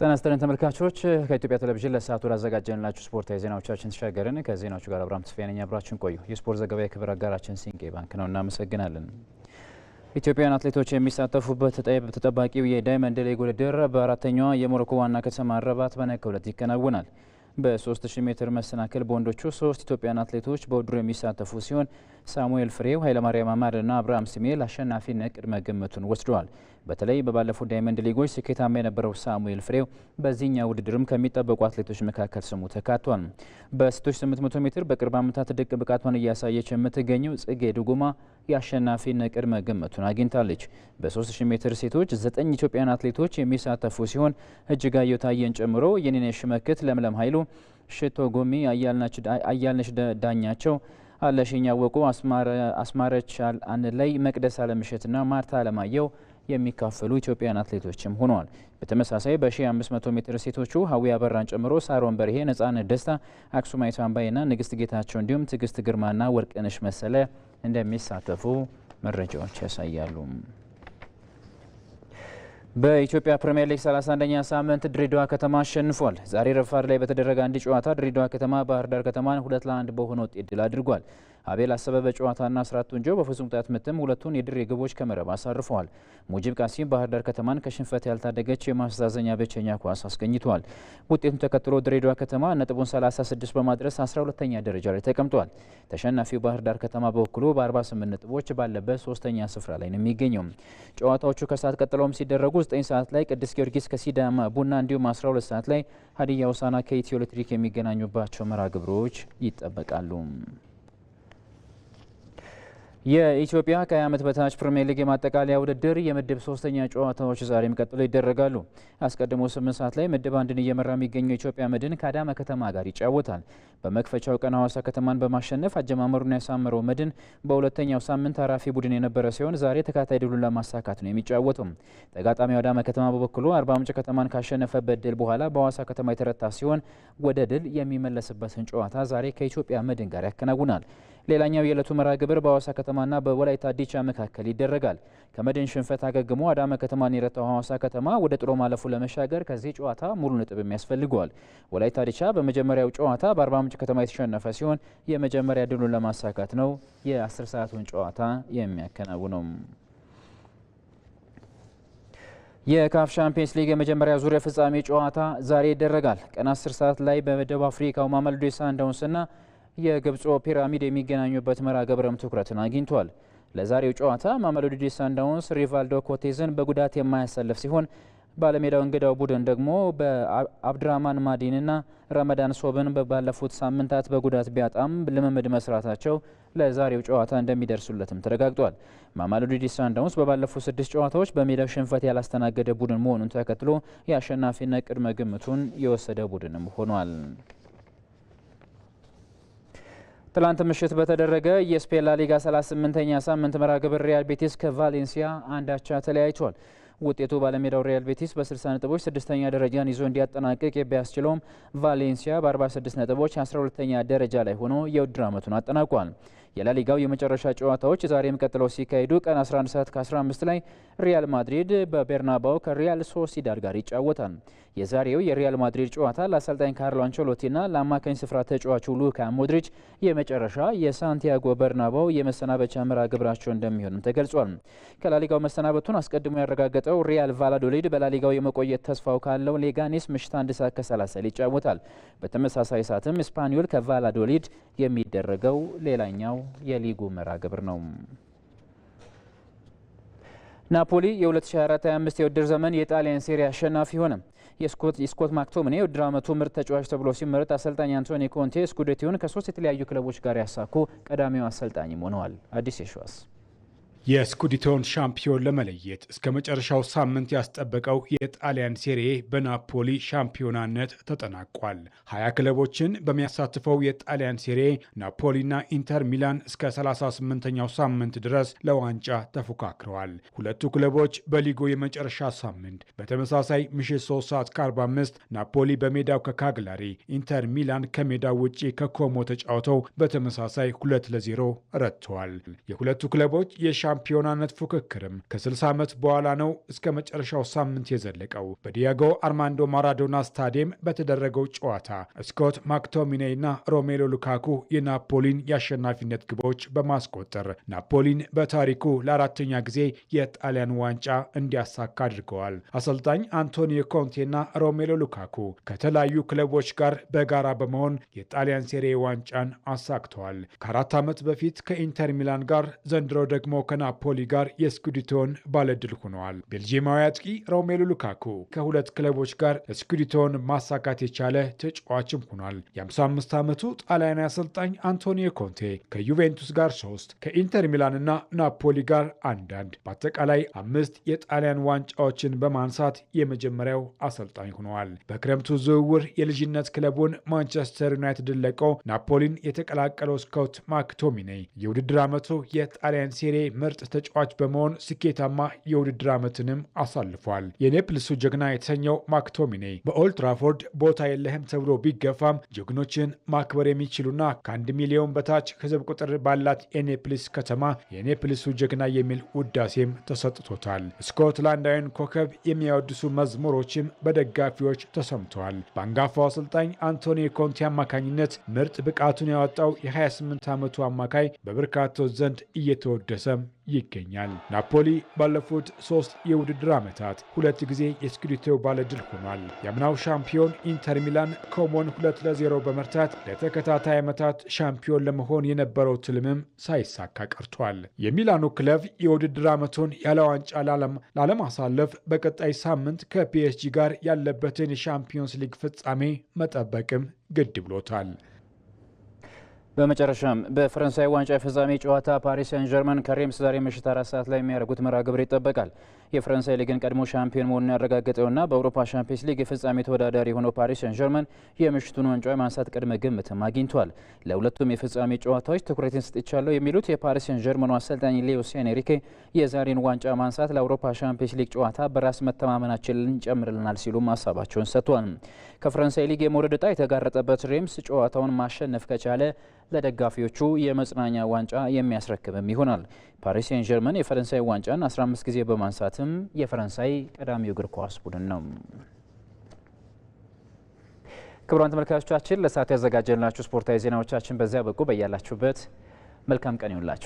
ጤና ይስጥልን ተመልካቾች፣ ከኢትዮጵያ ቴሌቪዥን ለሰዓቱ ላዘጋጀንላችሁ ስፖርታዊ ዜናዎቻችን ተሻገርን። ከዜናዎቹ ጋር አብርሃም ተስፋዬ ነኝ። አብራችን ቆዩ። የስፖርት ዘገባ የክብር አጋራችን ሲንቄ ባንክ ነው። እናመሰግናለን። ኢትዮጵያውያን አትሌቶች የሚሳተፉበት ተጠባቂው የዳይመንድ ሊግ ውድድር በአራተኛዋ የሞሮኮ ዋና ከተማ ረባት በነገው ዕለት ይከናወናል። በ3000 ሜትር መሰናክል በወንዶቹ ሶስት ኢትዮጵያን አትሌቶች በውድሩ የሚሳተፉ ሲሆን ሳሙኤል ፍሬው፣ ኃይለማርያም አማድና አብርሃም ስሜል አሸናፊነት ቅድመ ግምቱን ወስደዋል። በተለይ በባለፉት ዳይመንድ ሊጎች ስኬታማ የነበረው ሳሙኤል ፍሬው በዚህኛው ውድድርም ከሚጠበቁ አትሌቶች መካከል ስሙ ተካቷል። በሴቶች 800 ሜትር በቅርብ ዓመታት ድቅ ብቃቷን እያሳየች የምትገኘው ጽጌ ድጉማ የአሸናፊነት ቅድመ ግምቱን አግኝታለች። በ3000 ሜትር ሴቶች ዘጠኝ ኢትዮጵያን አትሌቶች የሚሳተፉ ሲሆን እጅጋየሁ ታየን ጨምሮ የኔነሽ ሽመክት፣ ለምለም ኃይሉ፣ ሽቶ ጎሚ፣ አያልነሽ ዳኛቸው አለሽኝ ያወቁ፣ አስማረች ላይ፣ መቅደስ አለምሸትና ማርታ አለማየሁ የሚካፈሉ ኢትዮጵያን አትሌቶችም ሆነዋል። በተመሳሳይ በ1500 ሜትር ሴቶቹ ሀዊ አበራን ጨምሮ ሳሮን በርሄ፣ ነጻነት ደስታ፣ አክሱማይቱ አምባዬና ንግስት ጌታቸው እንዲሁም ትዕግስት ግርማና ወርቅነሽ መሰለ እንደሚሳተፉ መረጃዎች ያሳያሉ። በኢትዮጵያ ፕሪምየር ሊግ 31ኛ ሳምንት ድሬዳዋ ከተማ አሸንፏል። ዛሬ ረፋድ ላይ በተደረገ አንድ ጨዋታ ድሬዳዋ ከተማ ባህር ዳር ከተማን ሁለት ለአንድ በሆነ ውጤት ድል አድርጓል። አቤል አሰበ በጨዋታና አስራት ወንጆ በፍጹም ቅጣት ምትም ሁለቱን የድሬ ግቦች ከመረብ አሳርፈዋል። ሙጂብ ቃሲም ባህር ዳር ከተማን ከሽንፈት ያልታደገች የማስተዛዘኛ ብቸኛ ኳስ አስገኝተዋል። ውጤቱን ተከትሎ ድሬዳዋ ከተማ ነጥቡን 36 በማድረስ 12 ተኛ ደረጃ ላይ ተቀምጧል። ተሸናፊው ባህር ዳር ከተማ በበኩሉ በ48 ነጥቦች ባለበት ሶስተኛ ስፍራ ላይ ነው የሚገኘው። ጨዋታዎቹ ከሰዓት ቀጥለውም ሲደረጉ 9 ሰዓት ላይ ቅዱስ ጊዮርጊስ ከሲዳማ ቡና እንዲሁም 12 ሰዓት ላይ ሀዲያ ውሳና ከኢትዮ ኤሌክትሪክ የሚገናኙባቸው መርሃ ግብሮች ይጠበቃሉ። የኢትዮጵያ ከ20 ዓመት በታች ፕሪሚየር ሊግ የማጠቃለያ ውድድር የምድብ ሶስተኛ ጨዋታዎች ዛሬም ቀጥሎ ይደረጋሉ። አስቀድሞ 8 ሰዓት ላይ ምድብ አንድን እየመራ የሚገኘው ኢትዮጵያ መድን ከአዳማ ከተማ ጋር ይጫወታል። በመክፈቻው ቀን ሐዋሳ ከተማን በማሸነፍ አጀማመሩን ያሳምረው መድን በሁለተኛው ሳምንት አራፊ ቡድን የነበረ ሲሆን ዛሬ ተካታይ ድሉን ለማሳካት ነው የሚጫወተው። ተጋጣሚው አዳማ ከተማ በበኩሉ አርባ ምንጭ ከተማን ካሸነፈበት ድል በኋላ በሐዋሳ ከተማ የተረታ ሲሆን ወደ ድል የሚመለስበትን ጨዋታ ዛሬ ከኢትዮጵያ መድን ጋር ያከናውናል። ሌላኛው የዕለቱ መርሃ ግብር በሐዋሳ ከተማና በወላይታ ዲቻ መካከል ይደረጋል። ከመድን ሽንፈት አገግሞ አዳማ ከተማን የረታው ሐዋሳ ከተማ ወደ ጥሎ ማለፉ ለመሻገር ከዚህ ጨዋታ ሙሉ ነጥብ ያስፈልገዋል። ወላይታ ዲቻ በመጀመሪያው ጨዋታ በአርባ ምንጭ ከተማ የተሸነፈ ሲሆን የመጀመሪያ ድሉን ለማሳካት ነው የ10 ሰዓቱን ጨዋታ የሚያከናውነው። የካፍ ሻምፒየንስ ሊግ የመጀመሪያ ዙሪያ ፍጻሜ ጨዋታ ዛሬ ይደረጋል። ቀን 10 ሰዓት ላይ በደቡብ አፍሪካው ማመሎዲ ሳንዳውንስና የግብፁ ፒራሚድ የሚገናኙበት መርሃ ግብርም ትኩረትን አግኝቷል። ለዛሬው ጨዋታ ማሜሎዲ ሳንዳውንስ ሪቫልዶ ኮቴዝን በጉዳት የማያሰልፍ ሲሆን ባለሜዳው እንግዳው ቡድን ደግሞ በአብድራማን ማዲንና ረመዳን ሶብን ባለፉት ሳምንታት በጉዳት ቢያጣም ልምምድ መስራታቸው ለዛሬው ጨዋታ እንደሚደርሱለትም ተረጋግጧል። ማሜሎዲ ሳንዳውንስ በባለፉት ስድስት ጨዋታዎች በሜዳው ሽንፈት ያላስተናገደ ቡድን መሆኑን ተከትሎ የአሸናፊነት ቅድመ ግምቱን የወሰደ ቡድንም ሆኗል። ትላንት ምሽት በተደረገ የስፔን ላሊጋ 38ኛ ሳምንት መርሃ ግብር ሪያል ቤቲስ ከቫሌንሲያ አንዳቻ ተለያይቷል። ውጤቱ ባለሜዳው ሪያል ቤቲስ በ60 ነጥቦች ስድስተኛ ደረጃን ይዞ እንዲያጠናቅቅ ቢያስችለውም ቫሌንሲያ በ46 ነጥቦች 12ተኛ ደረጃ ላይ ሆኖ የውድድር ዓመቱን አጠናቋል። የላሊጋው የመጨረሻ ጨዋታዎች ዛሬም ቀጥለው ሲካሄዱ ቀን 11 ሰዓት ከ15 ላይ ሪያል ማድሪድ በቤርናባው ከሪያል ሶሲዳድ ጋር ይጫወታል። የዛሬው የሪያል ማድሪድ ጨዋታ ለአሰልጣኝ ካርሎ አንቸሎቲና ለአማካኝ ስፍራ ተጫዋቹ ሉካ ሞድሪች የመጨረሻ የሳንቲያጎ በርናባው የመሰናበቻ መርሃ ግብራቸው እንደሚሆንም ተገልጿል። ከላሊጋው መሰናበቱን አስቀድሞ ያረጋገጠው ሪያል ቫላዶሊድ በላሊጋው የመቆየት ተስፋው ካለው ሌጋኔስ ምሽት አንድ ሰዓት 30 ይጫወታል። በተመሳሳይ ሰዓትም ስፓኒዮል ከቫላዶሊድ የሚደረገው ሌላኛው የሊጉ መርሃ ግብር ነው። ናፖሊ የ2024/25 የውድድር ዘመን የጣሊያን ሴሪ አሸናፊ ሆነ። የስኮት ማክቶምኔ የውድድር ዓመቱ ምርጥ ተጫዋች ተብሎ ሲመረጥ አሰልጣኝ አንቶኒ ኮንቴ ስኩዴቲውን ከሶስት የተለያዩ ክለቦች ጋር ያሳኩ ቀዳሚው አሰልጣኝም ሆነዋል። አዲስ የሸዋስ የስኩዲቶን ሻምፒዮን ለመለየት እስከ መጨረሻው ሳምንት ያስጠበቀው የጣሊያን ሴሬ በናፖሊ ሻምፒዮናነት ተጠናቋል። ሀያ ክለቦችን በሚያሳትፈው የጣሊያን ሴሬ ናፖሊና ኢንተር ሚላን እስከ 38ኛው ሳምንት ድረስ ለዋንጫ ተፎካክረዋል። ሁለቱ ክለቦች በሊጎ የመጨረሻ ሳምንት በተመሳሳይ ምሽት 3 ሰዓት ከ45 ናፖሊ በሜዳው ከካግላሪ፣ ኢንተር ሚላን ከሜዳው ውጪ ከኮሞ ተጫውተው በተመሳሳይ 2 ለ0 ረትተዋል። የሁለቱ ክለቦች የሻ ሻምፒዮናነት ፉክክርም ከ60 ዓመት በኋላ ነው እስከ መጨረሻው ሳምንት የዘለቀው። በዲያጎ አርማንዶ ማራዶና ስታዲየም በተደረገው ጨዋታ ስኮት ማክቶሚኔይና ሮሜሎ ሉካኩ የናፖሊን የአሸናፊነት ግቦች በማስቆጠር ናፖሊን በታሪኩ ለአራተኛ ጊዜ የጣሊያን ዋንጫ እንዲያሳካ አድርገዋል። አሰልጣኝ አንቶኒዮ ኮንቴና ሮሜሎ ሉካኩ ከተለያዩ ክለቦች ጋር በጋራ በመሆን የጣሊያን ሴሬ ዋንጫን አሳክተዋል። ከአራት ዓመት በፊት ከኢንተር ሚላን ጋር ዘንድሮ ደግሞ ከና ናፖሊ ጋር የስኩዲቶን ባለድል ሆነዋል። ቤልጂማዊ አጥቂ ሮሜሉ ሉካኩ ከሁለት ክለቦች ጋር ስኩዲቶን ማሳካት የቻለ ተጫዋችም ሆኗል። የ55 ዓመቱ ጣሊያናዊ አሰልጣኝ አንቶኒዮ ኮንቴ ከዩቬንቱስ ጋር ሶስት ከኢንተር ሚላንና ናፖሊ ጋር አንዳንድ በአጠቃላይ አምስት የጣሊያን ዋንጫዎችን በማንሳት የመጀመሪያው አሰልጣኝ ሆነዋል። በክረምቱ ዝውውር የልጅነት ክለቡን ማንቸስተር ዩናይትድ ለቀው ናፖሊን የተቀላቀለው ስካውት ማክቶሚኔ የውድድር ዓመቱ የጣሊያን ሴሬ ምርጥ ምርጥ ተጫዋች በመሆን ስኬታማ የውድድር ዓመትንም አሳልፏል። የኔፕልሱ ጀግና የተሰኘው ማክቶሚኔ በኦልትራፎርድ ቦታ የለህም ተብሎ ቢገፋም ጀግኖችን ማክበር የሚችሉና ከአንድ ሚሊዮን በታች ሕዝብ ቁጥር ባላት የኔፕልስ ከተማ የኔፕልሱ ጀግና የሚል ውዳሴም ተሰጥቶታል። ስኮትላንዳዊን ኮከብ የሚያወድሱ መዝሙሮችም በደጋፊዎች ተሰምተዋል። በአንጋፋው አሰልጣኝ አንቶኒ ኮንቲ አማካኝነት ምርጥ ብቃቱን ያወጣው የ28 ዓመቱ አማካይ በበርካቶች ዘንድ እየተወደሰም ይገኛል። ናፖሊ ባለፉት ሶስት የውድድር ዓመታት ሁለት ጊዜ የስኩዴቶው ባለድል ሆኗል። የአምናው ሻምፒዮን ኢንተር ሚላን ኮሞን ሁለት ለዜሮ በመርታት ለተከታታይ ዓመታት ሻምፒዮን ለመሆን የነበረው ትልምም ሳይሳካ ቀርቷል። የሚላኑ ክለብ የውድድር ዓመቱን ያለ ዋንጫ ላለማሳለፍ በቀጣይ ሳምንት ከፒኤስጂ ጋር ያለበትን የሻምፒዮንስ ሊግ ፍጻሜ መጠበቅም ግድ ብሎታል። በመጨረሻም በፈረንሳይ ዋንጫ የፍጻሜ ጨዋታ ፓሪስ ሳን ጀርመን ከሬምስ ዛሬ ምሽት አራት ሰዓት ላይ የሚያደርጉት መርሃ ግብር ይጠበቃል። የፈረንሳይ ሊግን ቀድሞ ሻምፒዮን መሆኑን ያረጋገጠውና በአውሮፓ ሻምፒየንስ ሊግ የፍጻሜ ተወዳዳሪ የሆነው ፓሪስ ሳን ጀርመን የምሽቱን ዋንጫ የማንሳት ቅድመ ግምትም አግኝቷል። ለሁለቱም የፍጻሜ ጨዋታዎች ትኩረቴን ሰጥቻለሁ የሚሉት የፓሪስ ሳን ጀርመኑ አሰልጣኝ ሌዎሲያን ኤሪኬ የዛሬን ዋንጫ ማንሳት ለአውሮፓ ሻምፒየንስ ሊግ ጨዋታ በራስ መተማመናችን ልንጨምርልናል ሲሉም ሀሳባቸውን ሰጥቷል። ከፈረንሳይ ሊግ የመውረድ ዕጣ የተጋረጠበት ሬምስ ጨዋታውን ማሸነፍ ከቻለ ለደጋፊዎቹ የመጽናኛ ዋንጫ የሚያስረክብም ይሆናል። ፓሪስ ሴን ጀርመን የፈረንሳይ ዋንጫን 15 ጊዜ በማንሳትም የፈረንሳይ ቀዳሚው እግር ኳስ ቡድን ነው። ክቡራን ተመልካቾቻችን ለሰዓት ያዘጋጀንላችሁ ስፖርታዊ ዜናዎቻችን በዚያ በቁ። በያላችሁበት መልካም ቀን ይሁንላችሁ።